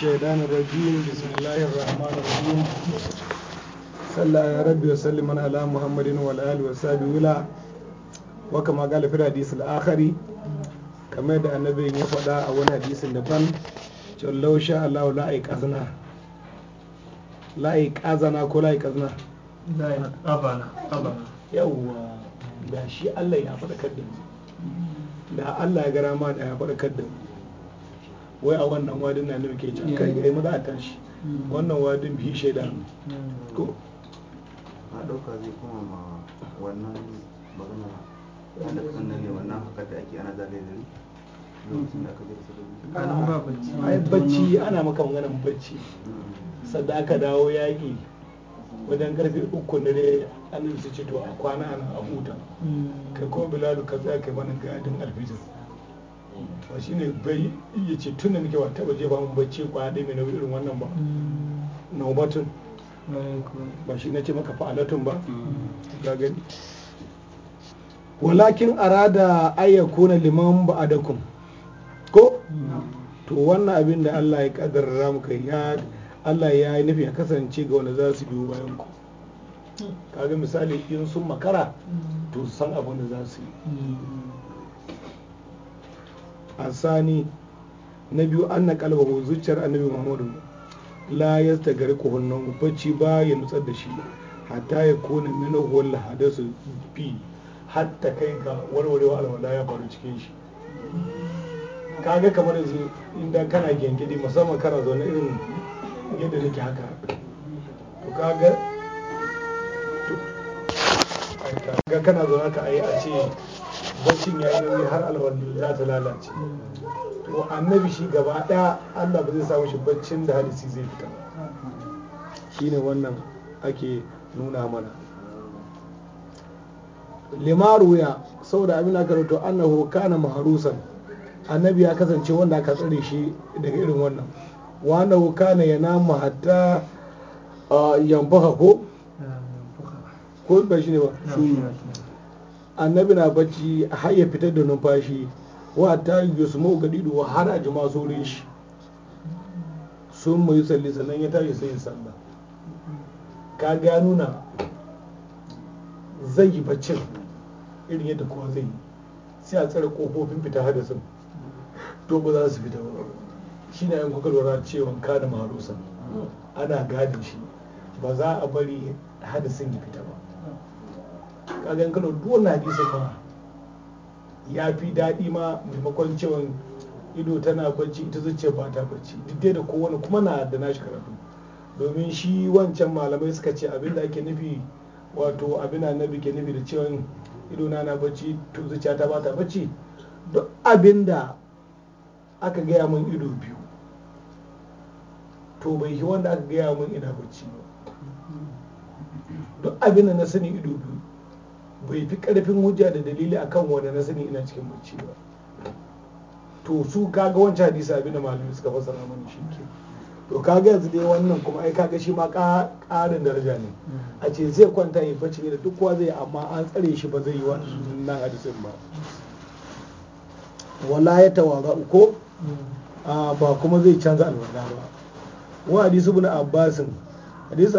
shaidan rajim bismillahir rahmanir rahim salla ya rabbi wa sallima ali wa sahbi wala wa kama gal fi kamar da annabi ya faɗa a wani hadisin daban cewa law sha Allah la ko la ay qazna da shi Allah ya faɗa kaddin da Allah ya gara ma da ya faɗa kaddin wai a wannan wadin na ke can kai gare eh, mu za a tashi mm. wannan wadin bi shaida mm. ko a dauka zai kuma ma wannan magana wanda kasan nan ne wannan haka da ake ana zagaye gari da ni. da bacci ana maka maganan bacci mm. sadda aka dawo yaƙi wajen karfe uku na dai an su ce to a kwana ana a huta kai ko bilalu ka tsaya kai wani gadin alfijir to shi ne bai iya ce tun da muke wa taba je ba mu bacci kwa da mai nauyi irin wannan ba mm. naubatun ba shi na ce maka fa'alatun ba ga mm. gani walakin arada ayyakuna liman ba'adakum ko mm. to wannan abin da Allah ya kaddara muka ya Allah ya yi nufi ya kasance ga wanda za su biyo bayan ku kaga misali in sun makara to san abin da za su yi asani na biyu an na kalbahu zuciyar annabi muhammadu la ya tagari kohonnan bacci ba ya nutsar da shi hatta ya kone mino wala hadasu bi hatta kai ga warwarewa alwala ya faru cikin shi kaga kamar yanzu inda kana gengidi musamman kana zaune irin yadda nake haka to kaga ga kana zaune ka ayi a ce baccin ya yi nauyi har alwallu za ta lalace to annabi shi gaba daya allah ba zai samu shi baccin da hadisi zai fita shine wannan ake nuna mana limaru ya saboda abin aka rato annahu kana maharusan annabi ya kasance wanda aka tsare shi daga irin wannan wa annahu ya yanamu hatta ah, yambaha ko ah, ko ba shi ne ba annabi na bacci har ya fitar da numfashi wa ta gadi gadidu har a ji saurin shi sun yi salli sannan ya tashi sai sallah ka ga nuna zai yi baccin irin yadda kowa zai yi sai a tsare kofofin fita hadisin to ba za su fita ba shi na yin kuka lura cewa kada maharusa ana gadin shi ba za a bari hadisin ya fita ba kaga in kano duk wannan hadisin ma ya fi daɗi ma maimakon cewa ido tana bacci ita zuciya ba ta bacci duk dai da kowane kuma na da nashi karatu domin shi wancan malamai suka ce abin da ake nufi wato abin da ke nufi da cewa ido na na bacci to zuciya ta ba ta bacci duk abin da aka gaya min ido biyu to bai yi wanda aka gaya min ina bacci ba duk abin da na sani ido biyu bai fi karfin hujja da dalili akan wani na sani ina cikin bacci ba to su kaga wancan hadisi abin da malami suka fassara mani shi ke to kaga yanzu dai wannan kuma ai kaga shi ma karin daraja ne a ce zai kwanta yi bacci ne da duk kowa zai amma an tsare shi ba zai yi wannan hadisin ba wala ya tawaga uko ba kuma zai canza alwala ba wa hadisu abbasin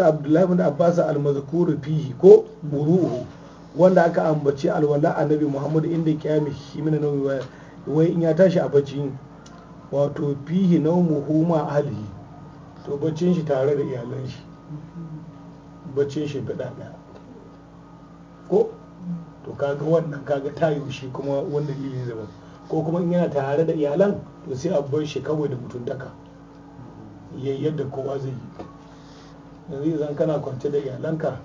abdullahi bin abbas al-mazkur fihi ko buruhu wanda aka ambaci alwala annabi muhammadu inda kyami shi mina nauyi wai in ya tashi a bacci wato fihi naumu huma ahlihi to baccin shi tare da iyalan shi baccin shi bida daya ko to kaga wannan kaga tayo shi kuma wanda lilin zaman ko kuma in yana tare da iyalan to sai a shi kawai da mutuntaka da kowa zai yi yanzu idan kana kwance da iyalanka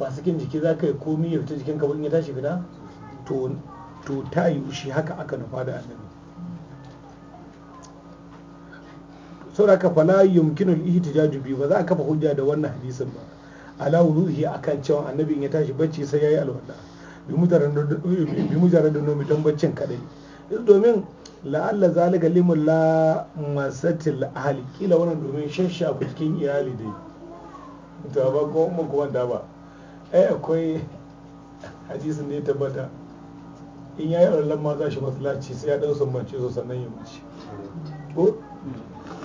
ba jiki za ka yi komi ya fita jikin ka ya tashi gida? to ta yi shi haka aka nufa da annabi aka fala yumkinu al-ihtijaju bi ba za a kafa hujja da wannan hadisin ba ala wuduhi akan cewa annabi ya tashi bacci sai yayi alwala bi da nomi don baccin kadai domin la'alla zalika limun la masatil ahli kila wannan domin shashafa cikin iyali dai to ba ko mu ko ba ai akwai hadisin da ya tabbata in ya yi arlan ma za shi masallaci sai ya dan sumbance su sannan ya mace ko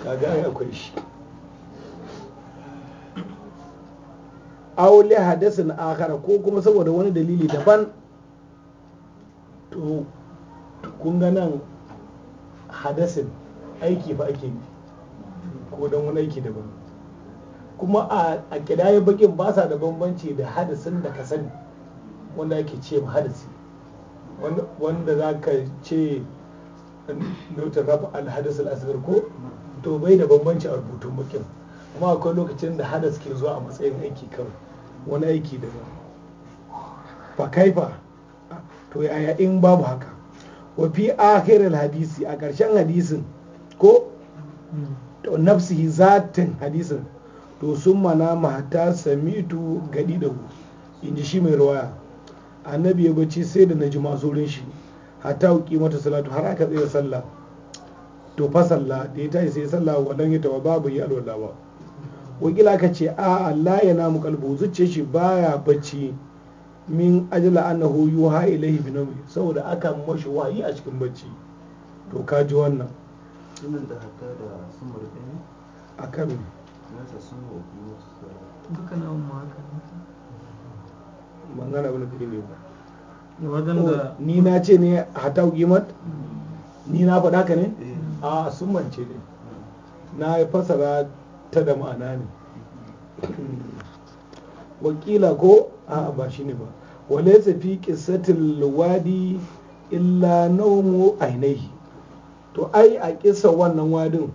kaga ai akwai shi aule hadasin akara ko kuma saboda wani dalili daban to kun nan hadasin aiki ba ake ko don wani aiki daban kuma a kidaya bakin ba sa da bambanci da hadisin da ka sani wanda ake ce ma hadisi wanda za ka ce nautar raf al-hadis al ko to bai da bambanci a rubutun bakin kuma akwai lokacin da hadas ke zuwa a matsayin aiki kawai wani aiki da fa kaifa to yaya in babu haka wa fi al hadisi a ƙarshen hadisin ko to nafsihi zatin hadisin to sun mana mata samitu gadi da in ji shi mai ruwaya annabi ya bace sai da na ji masorin shi hatta uki mata salatu har aka tsaye sallah to fa sallah da ya tashi sai sallah wadan ya tawa babu ya alwala ba wakila ka ce a Allah ya namu kalbu zuce shi baya bacci min ajala annahu yuha ilaihi bi nawmi saboda aka mashi wahayi a cikin bacci to ka ji wannan akan duka na umma haka ban ne ba oh, ni na ce ne hata uqimat ni na faɗa ka ne eh. a ah, sun ne na yi fasara ta da ma'ana ne wakila ko a ah, ba shi ne ba walaysa fi qissatil wadi illa nawmu ainihi to ai a kisa wannan wadin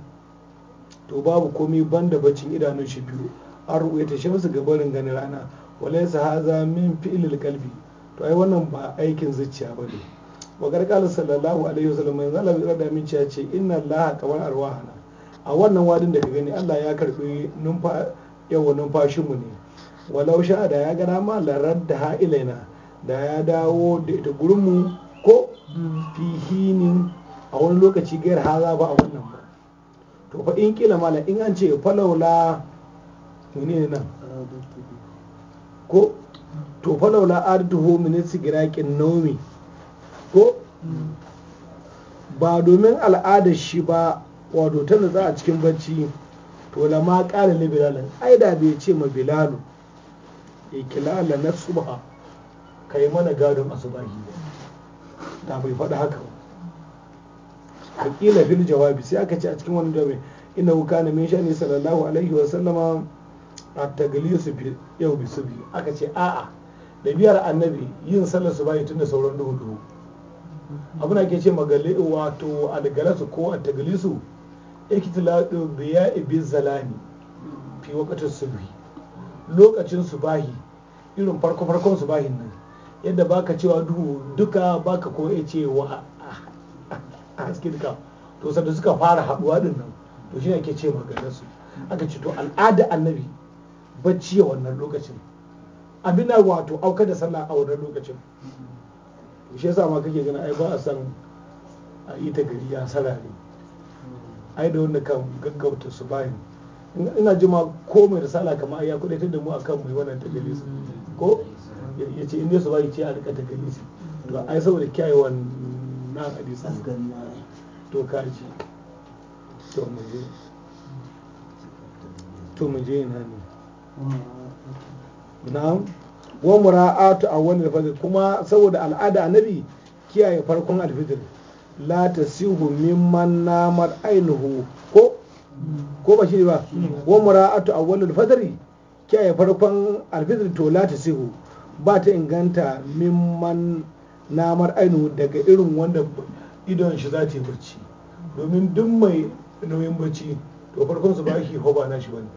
to babu komai banda baccin idanun shi biyu an ta shamsu ga barin ganin rana walaysa haza min fi'lil kalbi to ai wannan ba aikin zuciya bane wa garkala sallallahu alaihi wasallam yanzu Allah bai rada min cewa ce inna Allah kamar arwahana a wannan wadin da ka gani Allah ya karbi numfa yawa numfashin mu ne walau sha da ya gana ma radda da ha'ilaina da ya dawo da ita gurin mu ko fihinin a wani lokaci gayar haza ba a wannan ba to fa in kila mala in an ce falaula ne nan ko to falawla arduhu min sigirakin nomi ko ba domin al'adar shi ba wato tana za a cikin bacci to ma ƙara li bilalan ai da bai ce ma bilalu ikilala na subha kai mana gadon asubahi da bai faɗi haka ba wakila fil jawabi sai aka ce a cikin wani jawabi inna wuka na min shani sallallahu alaihi wa sallama a bi yau bi subi aka ce a'a da biyar annabi yin sallar su bai tunda sauran duhu duhu abin da ke ce magali wato algalasu ko a tagalisu ikitiladu biya ibi zalani fi wakatin subhi lokacin subahi irin farko farkon subahin nan yadda baka cewa duhu duka baka ko ya ce wa a haske duka to sanda suka fara haɗuwa din nan to shi ake ce maganar su aka ce to al'ada annabi bacci ya wannan lokacin abina wato auka da sallah a wannan lokacin shi yasa ma kake gani ai ba a san a yi ta gari ya sarare ai da wanda kan gaggauta su bayan ina jima ko mai risala kamar ya kudaitar da mu akan mai wannan tajalisi ko ya ce inda su bayi ce a rika tajalisi to ai saboda kyawawan na kadi asgari na to kaji to mu je to mu je na ne na'am wa mura'atu awwalil fajr kuma saboda al'ada annabi kiyaye farkon alfijir la tasihu mimman namat ainuhu ko ko ba shi ba wa mura'atu awwalil fajr kiyaye farkon alfijir to la tasihu ba ta inganta mimman Namar ainihu daga irin wanda idon shi za ta yi barci domin duk mai nauyin barci to farkon su ba shi hoba na shi bane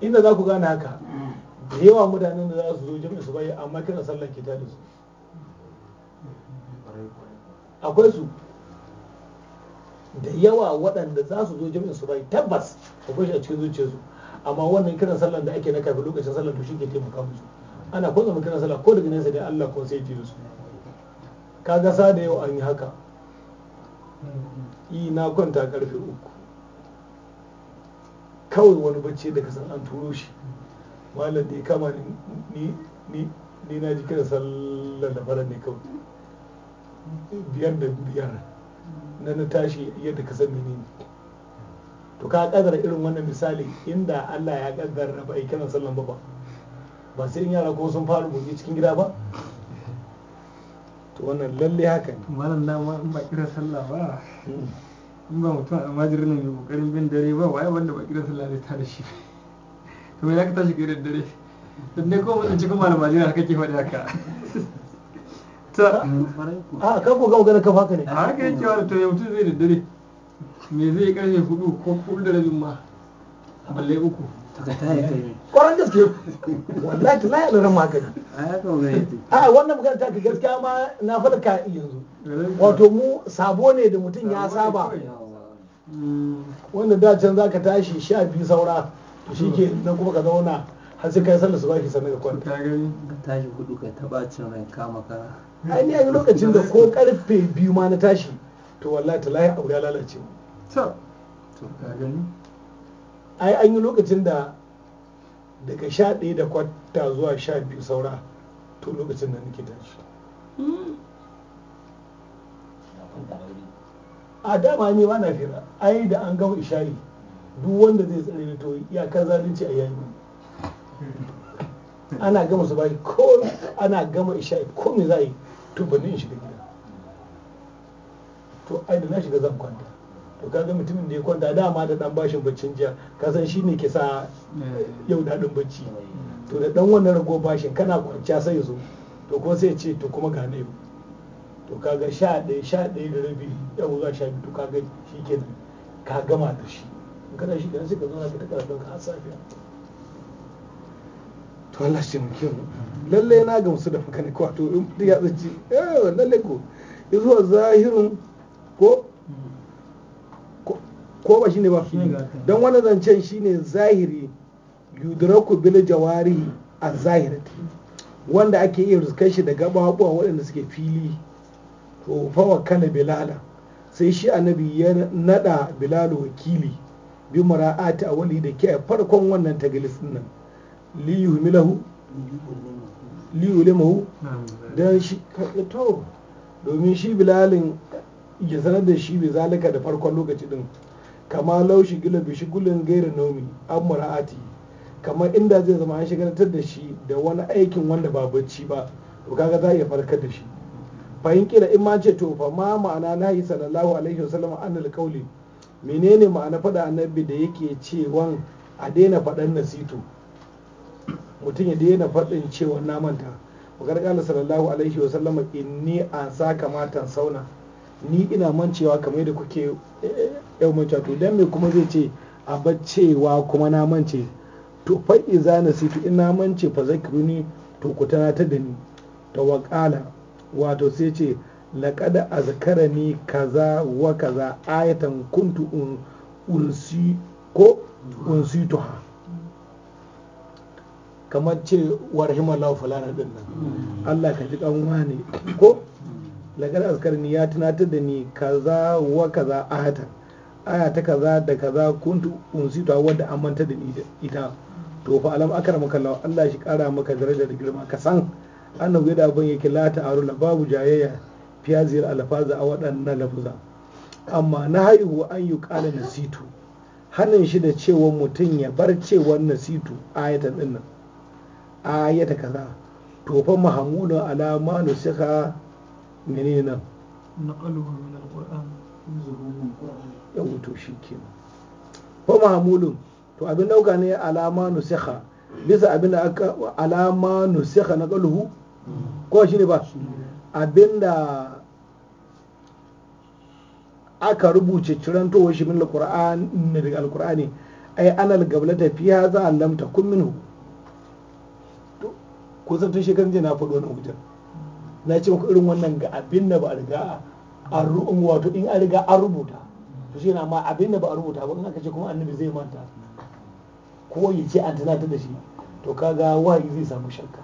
inda za ku gane haka da yawa mutanen da za su zo jami'a su bayi amma kira sallar ke tare su akwai su da yawa waɗanda za su zo jami'a su bayi tabbas akwai shi a cikin zuciyarsu amma wannan kiran sallar da ake na kafin lokacin sallar to shi ke taimaka musu ana kunsa mu kiran sallah ko daga nesa dai Allah ko sai ji su kaga sa da yau an yi haka yi na kwanta karfe uku kawai wani bacci da san an turo shi malam da ya kama ni ni ni na ji sallar da fara ne kawai biyar da biyar na na tashi yadda ka san ne. to ka kadara irin wannan misali inda Allah ya kaddara ba ai kiran sallan ba ba ba sai yara ko sun fara buge cikin gida ba to wannan lalle haka ne malam na ma in ba kira sallah ba hmm. in ba mutum almajirin ne mai kokarin bin dare ba waye wanda ba kira sallah zai tare shi to me yaka tashi kira dare dan ne ko mutum cikin malam majira haka ke faɗi haka ta hmm. a ka ko ga kafa ka haka ne haka yake wa to mutum zai da dare me zai karfe hudu ko hudu da rabin ma balle uku kwaran gaske wallahi ta laye laran magani a wannan magana ta gaskiya ma na faɗa ka yanzu wato mu sabo ne da mutum ya saba hmm. wanda da can za ka tashi sha biyu saura to shi ke nan kuma ka zauna har sai kai sallar su ba baki sannan ka kwanta ka tashi hudu ka taba cin rai kama kara ai ne lokacin da ko karfe biyu ma na tashi to wallahi ta laye abu ya lalace to ka gani ai an yi lokacin da daga sha ɗaya da kwata zuwa sha biyu saura to lokacin da nake tashi a dama ne ba na fira ai da an gama ishayi duk wanda zai tsare ya kan zalunci a yayi ana gama su bai ko ana gama ishari ko me za yi to ban in shiga gida to ai da na shiga zan kwanta to kaga mutumin da ya kwanta dama da dan bashin baccin jiya ka san shine ke sa eh, yau dadin bacci to da dan wannan rago bashin kana kwanciya sai zo to kuma sai ce to kuma gane yau to kaga sha ɗaya sha da rabi yau za sha biyu to kaga shi ke ka gama da shi in kana shi kana sai ka zauna ka ta karatu ka safiya to Allah shi mu lallai na ga musu da maka ne to in ya tsinci eh lallai ko izuwa zahirun ko ko ba shine ba fili don wani zancen shine zahiri yudraku bil jawari a zahiri wanda ake iya ruskan shi daga babuwa waɗanda suke fili to fawa kana bilala sai shi annabi ya nada bilalu wakili bi mara'ati a awali da ke farkon wannan tagalis din nan li yuhmilahu li yulimahu dan shi to domin shi bilalin ya sanar da shi bai zalika da farkon lokaci din kama laushi gila shi gulin gaira nomi an mura'ati kamar inda zai zama an shigartar da shi da wani aikin wanda ba bacci ba to kaga za a iya farkar da shi fahim kila in ma ce to fa ma ma'ana nahi sallallahu alaihi wasallam an alƙauli menene ma'ana fada annabi da yake cewa a daina fadan nasitu mutum ya daina fadin cewa na manta wa sallallahu alaihi wasallam inni an sauna ni ina mancewa kamar yadda kuke eh, yau mancewa to dan me kuma zai ce a baccewa kuma na mance to fa iza nasitu ina mance fa ne to ku tunatar da ni waƙala. wato sai ce laƙada a kaza wa kaza ayatan kuntu un unsi ko unsi kamar ce warhimar rahimallahu fulana din nan Allah ka ji kan ne ko lagar askar ni ya tunatar da ni kaza wa kaza ahatan aya ta kaza da kaza kuntu unsita wadda an manta da ita to fa alam maka lawa Allah shi kara maka daraja da girma ka san annabi da abin yake la ta'arula babu jayayya fiyazir alfaza a waɗannan lafuza amma na haihu an yi ƙala nasitu hannun shi da cewa mutum ya bar cewar nasitu ayatan dinnan ayata kaza to fa mahamudun alama nusika menene nan Na naqaluhu min alquran zuhumun qur'an ya wuto shikenan ko mahmulun to abin dauka ne alama nusikha bisa abin da aka alama nusikha na qaluhu ko shine ba abin da aka rubuce cirantowar shi min alquran ne daga alqurani ai anal gablata fiya za a lamta kun minhu kusan tun shekarun jiya na faɗo wani hujjar na ce muku irin wannan ga abin da ba a riga a wato in an riga an rubuta to shi na ma abin da ba a rubuta ba in aka ce kuma annabi zai manta ko ya ce an tunatar da shi to kaga wa'i zai samu shakka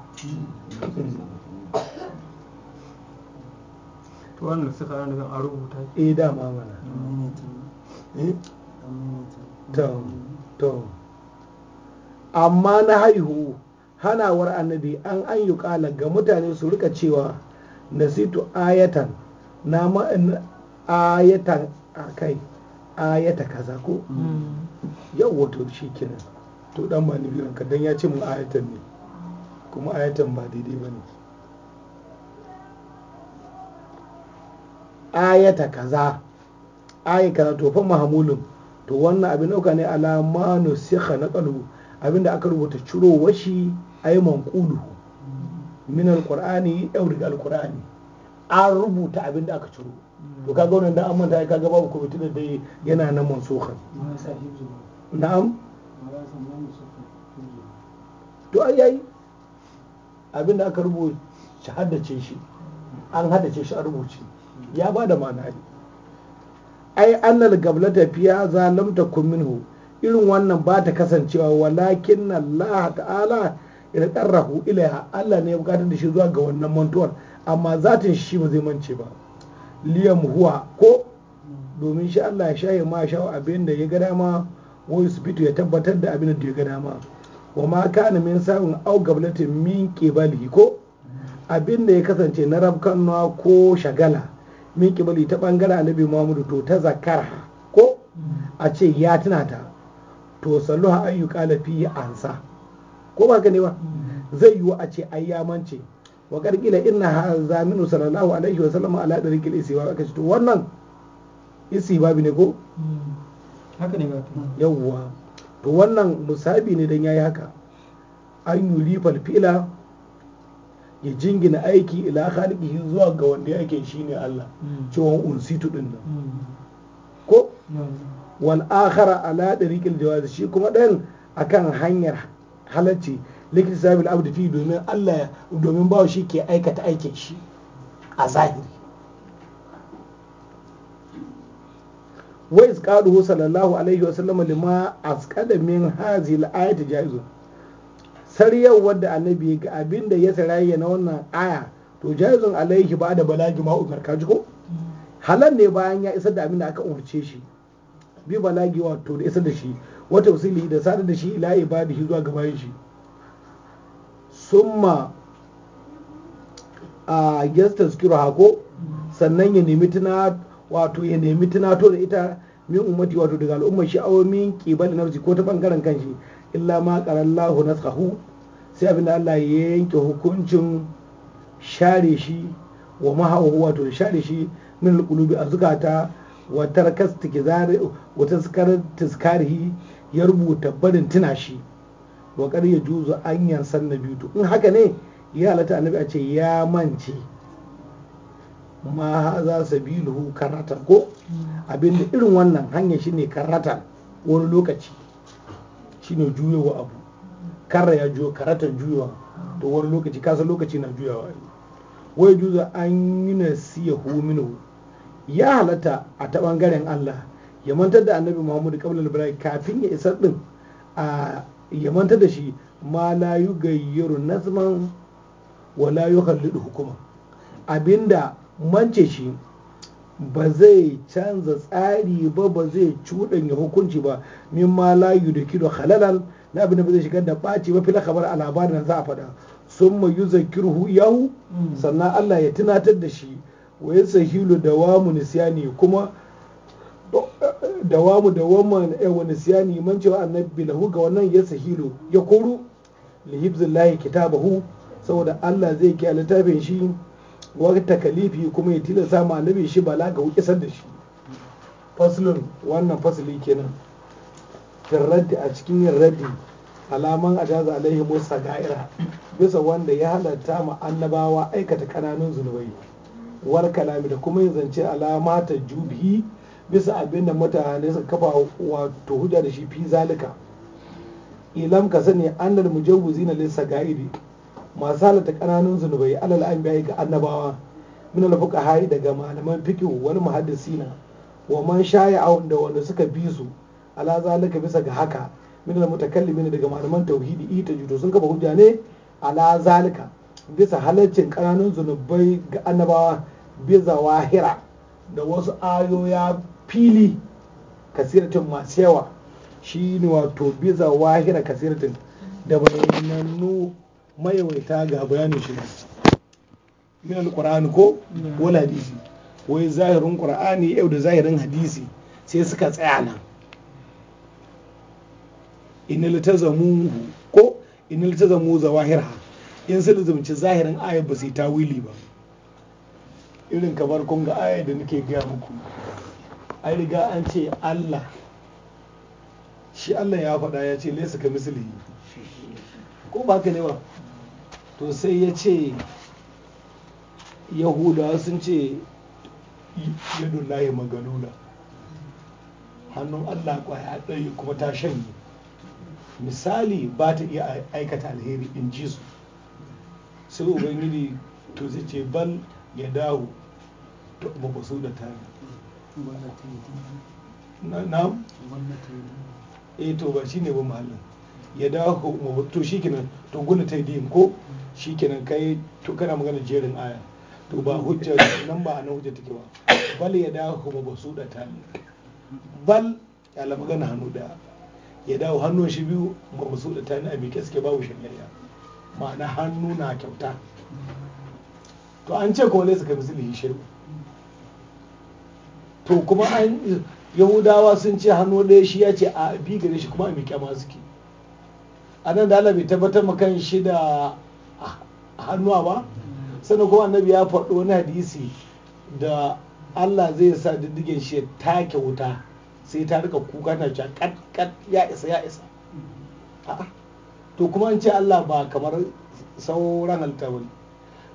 to wannan suka ana daga an rubuta eh dama mana eh? to to amma na haihu hanawar annabi an an yi ga mutane su rika cewa nasitu ayatan na ma'an ayatan a kai ayata kaza ko hmm. yau wato shi kenan to dan ba ni biran ka dan ya ce mun ayatan ne kuma ayatan ba daidai ba ne ayata kaza ayi kaza to fa mahamulun to wannan abin dauka ne alamanu sikha na kalbu abinda aka rubuta ciro washi ay manquluhu min alqur'ani daga Alƙur'ani, an rubuta abin da aka ciro to kaga wannan da an manta kaga babu kwamiti da dai yana nan mansukhan na'am to ai ai abin da aka rubuta haddace shi an haddace shi a rubuce ya ba da ma'ana ne ai annal gablata fiya zalamta kun minhu irin wannan ba ta kasancewa walakin Allah ta'ala irqarrahu ilaiha Allah ne ya bukatar da shi zuwa ga wannan mantuwar amma zatin shi ba zai mance ba liyam huwa ko domin shi Allah ya shaye ma shawo abin da ya ga dama wai su ya tabbatar da abin da ya ga dama wa ma kana min sa'un aw gablatin min qibali ko abin da ya kasance na rabkan rabkanwa ko shagala min qibali ta bangaren annabi Muhammadu to ta zakara ko a ce ya tunata. ta to salluha ayyuka lafi ansa ko ba ne ba zai yiwu a ce ai yamance wa karkila inna haza minu sallallahu alaihi wa sallam ala dariqil isiwa aka ce to wannan isi babu ne ko haka ne ba yawwa to wannan musabi ne dan yayi haka an yuli falfila ya jingina aiki ila khaliqihi zuwa ga wanda yake shine Allah cewa unsitu din nan ko wal akhara ala dariqil jawazi shi kuma dan akan hanyar halarci likita sabil abdu fi domin Allah domin bawa shi ke aikata aikin shi a zahiri wai isqaduhu sallallahu alaihi wa sallam lima a min hazi la'ayata jaizu sariyar wadda annabi ga abin da ya sarayya na wannan aya to jaizun alaihi ba da balagi ma umar kaji ko halar ne bayan ya isar da abin da aka umarce shi bi balagi wato da isar da shi wata tafsili da sadar da shi ila ibadihi zuwa ga bayan shi summa a zikiru hako sannan ya nemi tuna wato ya nemi to da ita min umarci wato daga al'ummar shi awon min kibal nafsi ko ta bangaren kanshi illa ma na tsahu sai abin da Allah ya yanke hukuncin share shi wa mahawu wato share shi min a zukata wa tarkas tikzari wa ya rubuta barin tuna shi wa kar ya juzu an yansan na biyu in haka ne ya halatta annabi a ce ya mance ma haza sabiluhu karata ko abinda irin wannan hanya ne karata wani lokaci shi ne juyowa abu karra ya juyo karata juyowa to wani lokaci kasa lokaci na juyawa wai juza an yi siya minhu ya halatta a ta bangaren Allah ya mantar da annabi muhammadu kabla Ibrahim kafin ya isar din a ya mantar da shi ma la na nazman wa la yukhallidu hukuma abinda mance shi ba zai canza tsari ba ba zai cuɗanya hukunci ba min ma da kido halalan na abinda ba zai shigar da ɓaci ba fila kamar a labarin za a faɗa sun ma yi zakirhu yahu hmm. sannan Allah ya tunatar da shi wa sahilu da wa munisiyani kuma Da dawamu dawama eh, na siya nisyani man cewa annabi lahu ga wannan ya sahilo ya koru li hibzillahi kitabahu saboda Allah zai kiya littafin shi wa takalifi kuma ya tilasta ma annabi shi bala ga isar da shi faslun wannan fasli kenan firraddi a cikin yin raddi alaman ajaza alaihi musa ga'ira bisa wanda ya halatta ma annabawa aikata kananun zunubai war kalami da kuma yin zance alama ta jubi bisa abin da mutane suka kafa wato hujja da shi fi zalika ilam ka sani annal mujawwizi na lissa ga'idi masu halatta kananan zunubai alal an biya ga annabawa min al fuqaha daga malaman fiqh wani muhaddisina wa man shaya awun da wanda suka bi su ala zalika bisa ga haka min al mutakallimin daga malaman tauhidi ita juto sun kafa hujja ne ala zalika bisa halaccin kananan zunubai ga annabawa biza wahira da wasu ayoya fili kasiratin masu yawa shi ne wato biza wahira kasiratin da bayanannu mayawaita ga bayanin shi min alƙur'ani ko wani hadisi wai zahirin ƙur'ani yau da zahirin hadisi sai suka tsaya nan in litazamu ko in litazamu in su lizumci zahirin ayat ba su yi tawili ba irin kamar kun ga ayat da nake gaya muku an riga an ce Allah shi Allah ya faɗa ya ce laisa ka misali ko ba ka ne ba to sai ya ce yahudawa sun ce yi magalula hannun Allah kwaya ɗaya kuma ta shanye misali ba ta iya aikata alheri in ji su sai ubangiji to zai ce bal ya dawo ta ba su da tari. na'am eh to ba shine ba mahallin ya dawo ka to shikenan to gula ta yi ko shikenan kai to kana magana jerin aya to ba hujja nan ba nan hujja take ba bal ya dawo ka ba su da ta bal ya la magana hannu da ya dawo hannun shi biyu ba ba su da a miƙe suke babu shari'a ma'ana hannu na kyauta to an ce kuma laisa ka misali to kuma an yahudawa sun ce hannu ɗaya shi ya ce a bi gare shi kuma a miƙe ma suke a nan da Allah bai tabbatar ma kan shi da hannuwa ba sannan kuma annabi ya faɗo wani hadisi da Allah zai sa diddigen shi ya take wuta sai ta rika kuka na cewa kat ya isa ya isa to kuma an ce Allah ba kamar sauran halitta ba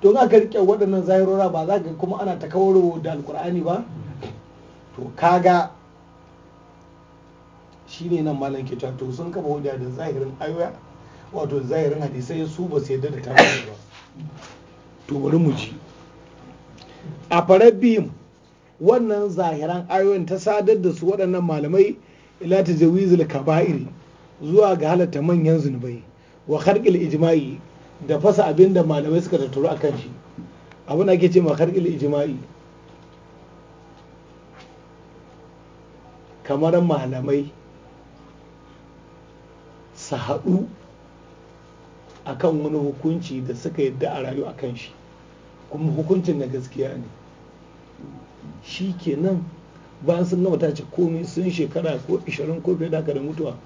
to in aka rike waɗannan zahirora ba za ka kuma ana ta da alkur'ani ba to kaga shine nan malam ke to sun kafa hujja da zahirin ayoya wato zahirin hadisai su ba su yadda da ta ba to bari mu ji a farar biyun wannan zahiran ayoyin ta sadar da su waɗannan malamai ila jawizul Kaba'ir, zuwa ga halatta manyan zunubai wa kharqil ijma'i da fasa abinda malamai suka tattaru akan shi abin ake ce ma kharqil Ijima'i. kamar malamai su haɗu a kan wani hukunci da suka yadda a rayu a kan shi kuma hukuncin na gaskiya ne shi kenan bayan sun gama tace komai sun shekara ko 20 ko fiye da da mutuwa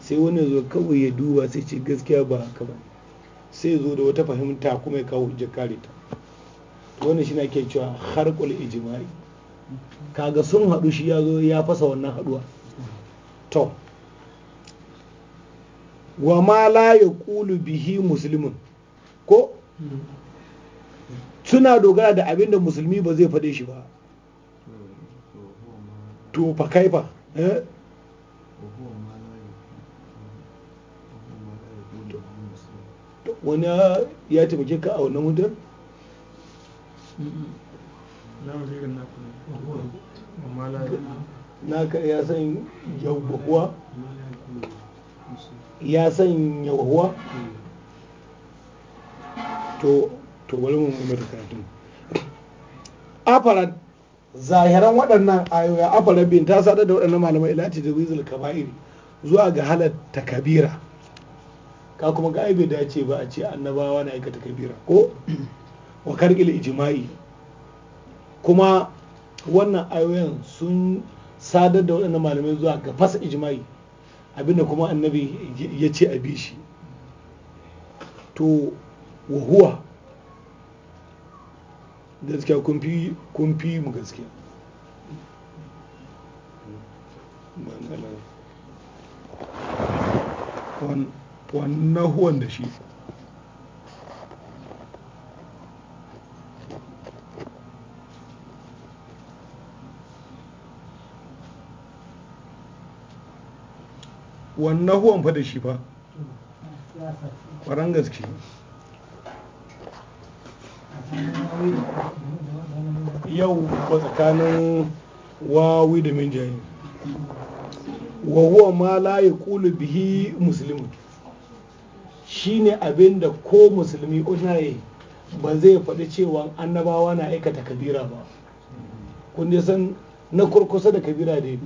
sai wani zo kawai ya duba sai ce gaskiya ba haka ba sai zo da wata fahimta kuma ya kawo hujjar ta wannan shi na ke cewa harkul ijma'i kaga sun haɗu shi ya zo ya fasa wannan haɗuwa to wa ma la ya ƙulu bihi musulmin ko suna dogara da abin da musulmi ba zai faɗe shi ba to fa kaifa eh? wani ya taimake ka a wannan hudun? naka ya san yahuwa ya san to to bari mu mai zahiran waɗannan a afaran bin ta sadar da waɗannan malamai ilati da wizil kaba'iri zuwa ga halatta kabira ka kuma ga aibe da ce ba a ce annabawa na aikata kabira ko wa karkil ijma'i kuma wannan ayoyin sun sadar da waɗannan malamai zuwa ga fasa ijima'i abinda kuma annabi ya ce a bi shi to wahuwa gaskiya kun fi mu gaskiya wannan huwan da shi wannan huwan fa da shi fa ƙwaron gaske yau ba tsakanin wawi da min jayi wa huwa ma la yaqulu bihi muslimun shine abin da ko musulmi yi ba zai faɗi cewa annabawa na aikata kabira ba kun san na kurkusa da kabira dai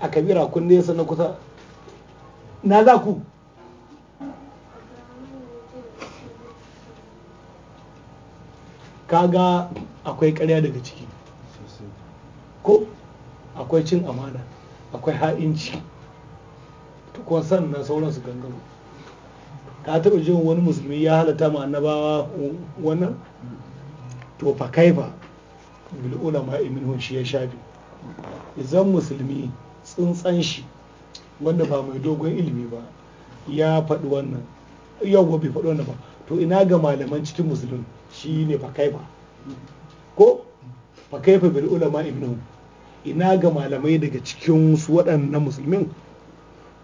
a kabira kun san na kusa na za ku kaga akwai karya daga ciki ko akwai cin amana akwai ha'inci kuma sannan sauran su gangaro ka taɓa jin wani musulmi ya halatta ma annabawa wannan to fa kaifa bil ulama hun shi ya shafi idan musulmi tsuntsan shi wanda ba mai dogon ilimi ba ya faɗi wannan yau bai faɗi wannan ba to ina ga malaman cikin musulun shi ne fakaifa ko fakaifa bil ulama ibnu ina ga malamai daga cikin su waɗannan musulmin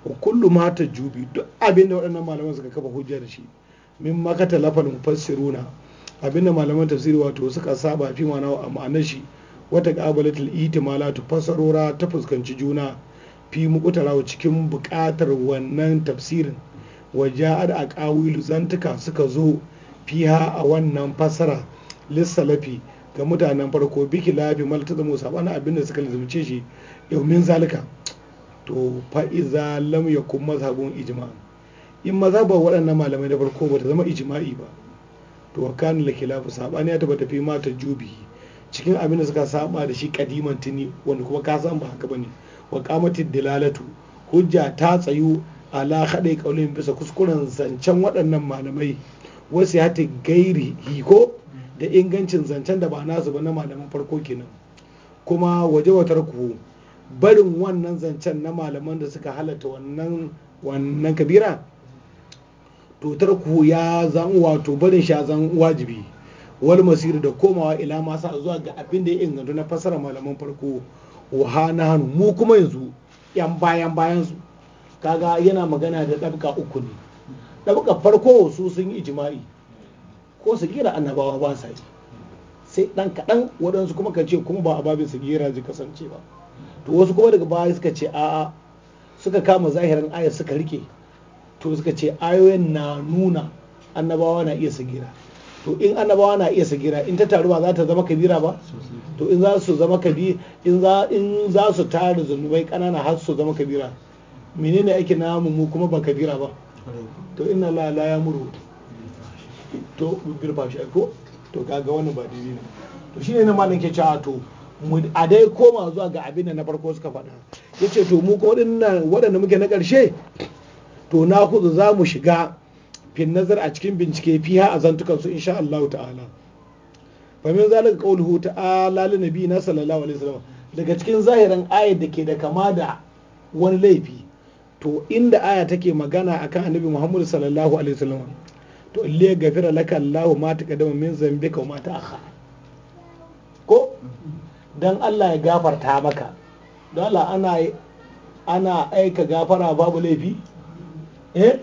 wa kullu ma jubi duk abinda da waɗannan malaman suka kafa hujja da shi min makata lafal mufassiruna abin da malaman tafsiri wato suka saba fi ma'ana a ma'anar shi wata qabalatul ihtimala ta fassarora ta fuskanci juna fi muƙutarawa cikin buƙatar wannan tafsirin waja'ar a ƙawilu zantuka suka zo fiha a wannan fassara, lissalafi ga mutanen farko biki labi maltaza musa bana abin da suka lizumce shi domin zalika to fa'iza lam ya kuma mazhabun ijima. in mazhabar waɗannan malamai na farko ta zama ijima'i ba to wa kanu la khilafu sabani ya taɓa tafi mata jubi cikin abin da suka saba da shi kadiman tuni wanda kuma ka san ba haka ba ne? wa kamatin dilalatu hujja ta tsayu ala haɗe ƙaunin bisa kuskuren zancen waɗannan malamai wasu ya ta gairi hiko da ingancin zancen da ba nasu ba na malaman farko kenan kuma waje watar ku barin wannan zancen na malaman da suka halatta wannan wannan kabira to tarku ya zan wato barin shi zan wajibi wal masir da komawa ila sa zuwa ga abin da ya inganta na fasara malaman farko wa na hannu mu kuma yanzu yan bayan bayan su kaga yana magana da ɗabka uku ne ɗabka farko su sun yi ijima'i ko su gira annabawa ba sa yi sai ɗan kaɗan waɗansu kuma kan ce kuma ba a babin su gira ji kasance ba to wasu kuma daga baya suka ce a'a suka kama zahirin ayar suka rike to suka ce ayoyin na nuna annabawa na iya su gira to in annabawa na iya sagira in ta taru ba za ta zama kabira ba to in za su zama kabi in za in za su tara zunubai kanana har su zama kabira menene ake namu mu kuma ba kabira ba to inna la la muru to birba shi ko to kaga wannan ba daidai ne to shine nan malin ke cewa to a dai koma zuwa ga abin da na farko suka faɗa yace to mu ko waɗanda muke na ƙarshe to na kudu za mu shiga fin nazar a cikin bincike fiha a zantukansu insha Allah ta'ala famin zalika qawluhu ta'ala nabi na sallallahu alaihi wasallam daga cikin zahirin ayat da ke da kama da wani laifi to inda aya take magana akan annabi Muhammad sallallahu alaihi wasallam to gafira laka Allahu ma taqaddama min zambika wa ma ta'akhkhara ko dan Allah ya gafarta maka dole ana ana aika gafara babu laifi eh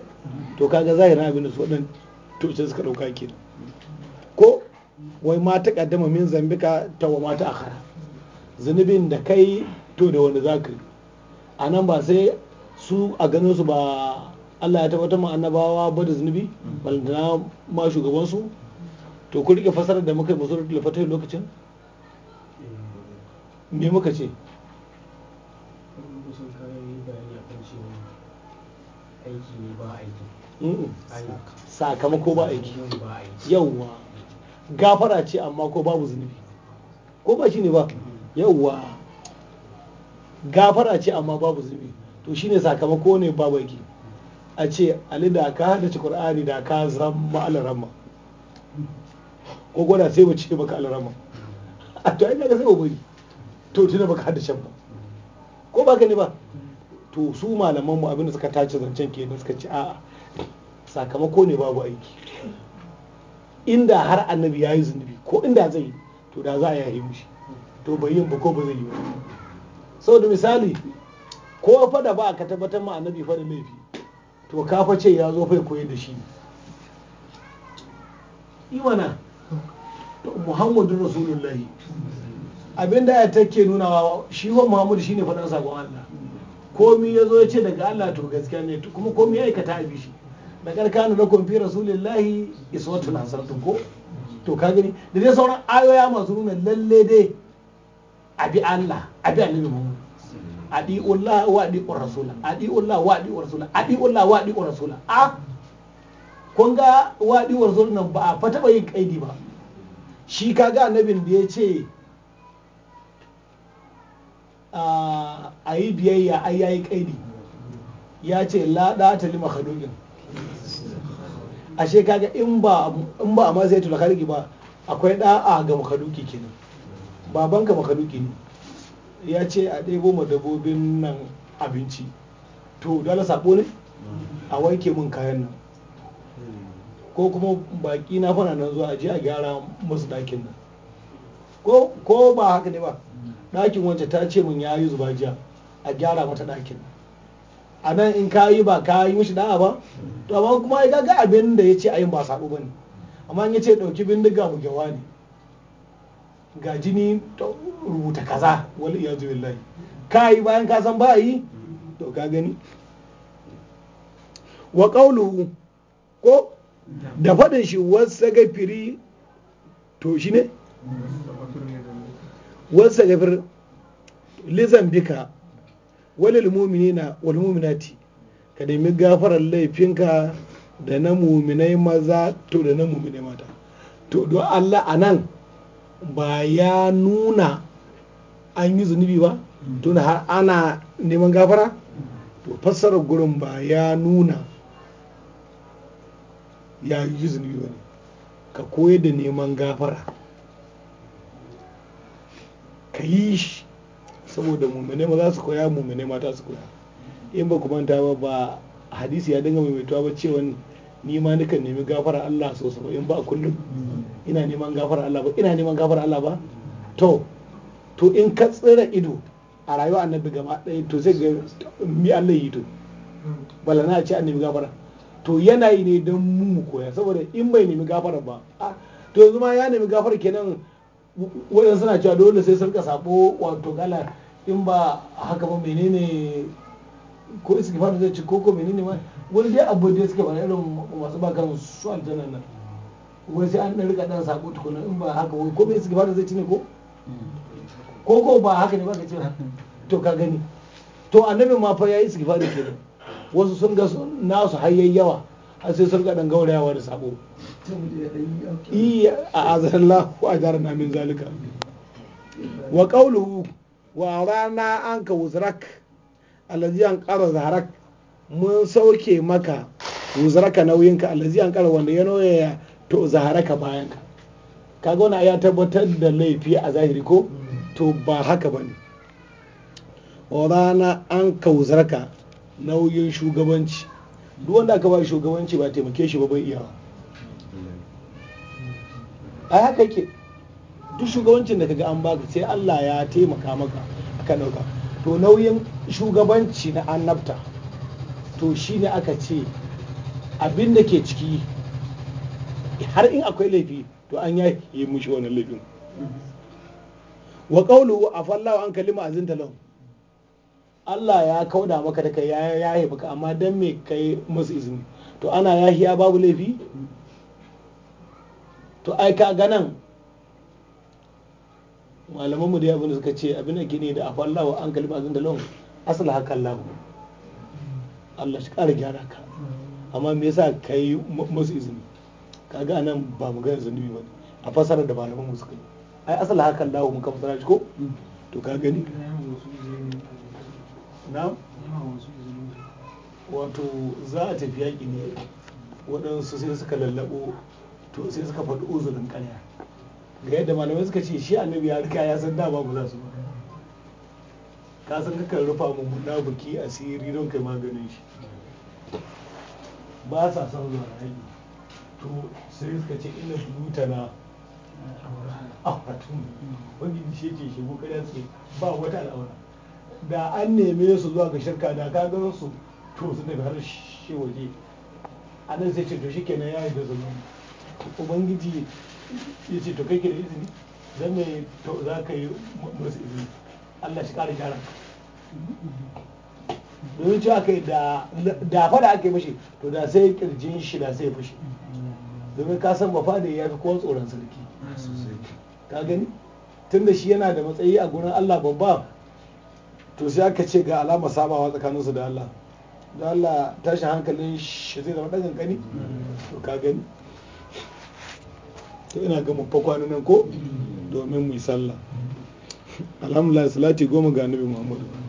to kaga zahirin abin da su to ce suka ɗauka ke ko wai ma ta kaddama min zambika ta wa mata akhara zunubin da kai to da wanda za ka yi a nan ba sai su a ganin su ba Allah ya tabbatar ma annabawa ba da zunubi balantana ma shugabansu to ku rike fasarar da muka yi musu da lokacin me muka ce aiki ne ba aiki sakamako ba aiki gafara ce amma ko babu zunubi ko ba shi ne ba yauwa gafara ce amma babu zunubi to shi ne sakamako ne babu aiki a ce ali da ka ci qur'ani da ka zama alarama ko gwada sai bace baka alarama a to ai ga sai ba bari to tuna baka shan ba ko baka ne ba to su malamanmu abinda suka tace zancen ke suka ci a'a sakamako ne babu aiki inda har annabi ya yi zunubi ko inda zai yi to da za a yaye mushi to bai yin ba ko ba zai yi ba da misali ko fada ba ba ka tabbatar ma annabi fada laifi to ka face ce ya zo fa koyar da shi imana to muhammadu rasulullahi abinda ya take nunawa shi wa muhammadu shine faɗan sakon Allah komi ya zo ya ce daga Allah to gaskiya ne kuma komi ya aikata a bishi da karkanu da kun fi rasulillahi iswatun hasanatun ko to ka gani da dai sauran ayoya masu nuna lalle dai abi Allah abi annabi mu adi Allah wa adi rasula adi Allah wa adi rasula adi Allah wa adi rasula a kun ga wa adi rasula nan ba a fata taba yin kaidi ba shi kaga annabin da ya ce a yi biyayya ai yayi kaidi ya ce lada ta lima khaluqin ashe kaga in ba a ma zai ba akwai da'a ga makhaluki kenan babanka makhaluki ne ya ce a ɗebo ma dabobin nan abinci to dole sabo ne a wanke mun kayan nan ko kuma baki na fana nan zuwa je a gyara musu ɗakin nan ko ba haka ne ba ɗakin wance ta ce min ya yi zuba jiya a gyara mata ɗakin a nan in ka yi ba ka yi mishi da'a ba to amma kuma ya ga abin da ya ce a yin ba saɓo ba ne amma in ya ce ɗauki bindiga gyawa ne ga jini rubuta kaza wani iya zuwa ka yi bayan ka san ba yi to ka gani wa ƙauluhu ko da faɗin shi wasu gafiri to shi ne wani lumumini na walmuminati ka nemi gafarar laifinka da na muminai maza to da na muminai mata to don Allah a nan ba ya nuna an yi zunubi ba tun har ana neman gafara to fassarar gurin ba ya nuna ya yi zunubi ba ne ka koyar da neman gafara ka yi shi saboda mummune ma za su koya mummune mata su koya in ba ku manta ba ba hadisi ya dinga maimaituwa ba cewa ni ma nukan nemi gafara Allah so sabo in ba a kullum ina neman gafara Allah ba ina neman gafara Allah ba to to in ka tsira ido a rayuwa annabi gama ɗaya to sai ga mi Allah yi to bala a ce annabi gafara to yana yi ne don mu koya saboda in bai nemi gafara ba to yanzu ma ya nemi gafara kenan waɗansu suna cewa dole sai sun ka sabo wato gala in ba haka ba menene ko fata zai ci koko menene ma wani dai abu da suke bana irin masu ba kan su aljanna nan wani sai an dan rika dan sabo tukuna in ba haka wai ko bai fata zai ci ne ko koko ba haka ne ba ka ce to ka gani to annabi ma fa yayi istighfar kenan wasu sun ga nasu hayayyawa har sai sun ga dan gaurayawa da sabo iya a azallahu a jarana min zalika wa qawluhu wa rana an ka wuzrak allazi an ƙara zaharak mun sauke maka wuzraka nauyinka allazi an ƙara wanda ya noya to zaharaka bayanka kaga wannan ya tabbatar da laifi a zahiri ko to ba haka ba ne. wa rana an ka wuzraka nauyin shugabanci duk wanda aka ba shugabanci ba taimake shi ba bai iya ba. ai haka yake duk shugabancin da kaga an baka sai Allah ya taimaka maka aka dauka to nauyin shugabanci na annabta to shine aka ce abin da ke ciki har in akwai laifi to an ya yi mushi wannan laifin wa a fallawa an kalima azinta lahu Allah ya kauda maka da kai ya yi maka amma dan me kai musu izini to ana yahiya babu laifi to ai ka ganan malaman mu da abin da suka ce abin da ne da a falla wa an kalma azin da lon asala haka Allah Allah shi kara gyara ka amma me yasa kai musu izini Ka ga anan ba mu ga zunubi ba a fasara da malaman mu suka yi ai asala haka Allah muka fasara shi ko to ka gani na wato za a tafi yaƙi ne waɗansu sai suka lallabo to sai suka faɗi uzurin ƙarya ga yadda malamai suka ce shi annabi ya riga ya san dama ba za su ba ka san kakan rufa mu a asiri don kai maganin shi ba sa san zuwa rayu to sai suka ce inna na auratun wani shi ke shigo kada su ba wata al'aura da an neme su zuwa ga shirka da ka gan su to su daga har shi waje Anan sai ce to shikenan ya yi da zama ubangiji ya ce to kai ke da izini Zan mai to za ka yi musu izini Allah shi ƙara gyara domin cewa kai da da fada ake mashi to da sai kirjin shi da sai fushi domin ka san bafa da ya fi kowa tsoron sarki ka gani tunda shi yana da matsayi a gurin Allah babba to sai aka ce ga alama sabawa tsakaninsu da Allah da Allah tashin hankalin shi zai zama ɗan gani to ka gani to ina ga mu fa nan ko mm. domin mu yi sallah alhamdulillah salati goma ga annabi muhammadu